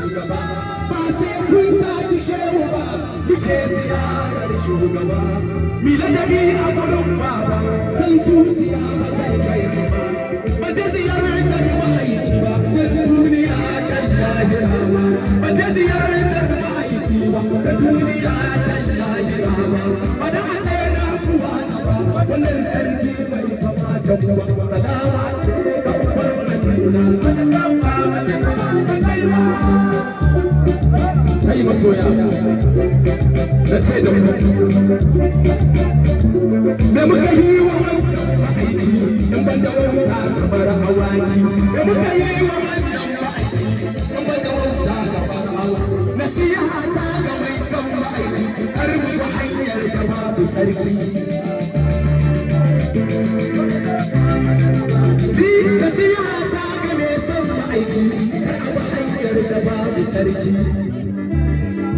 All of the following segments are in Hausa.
shugaba ba sai kun saki shehu ba muke ziyarar shugaba mi ladabi a gurin baba san zuciya ba zai kai ka ba ba je ziyartar mahaifi ba ta duniya kan lahira ba ba je ziyartar mahaifi ba ta duniya kan lahira ba ba da mace na kuwa ba wannan sarki bai da ba salama ce babbar annuna kai masoya na ce da ku da muka yi wa wanda aiki in da har mu hanyar da babu har mu hanyar da babu sarki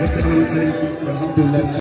a Alhamdulillah.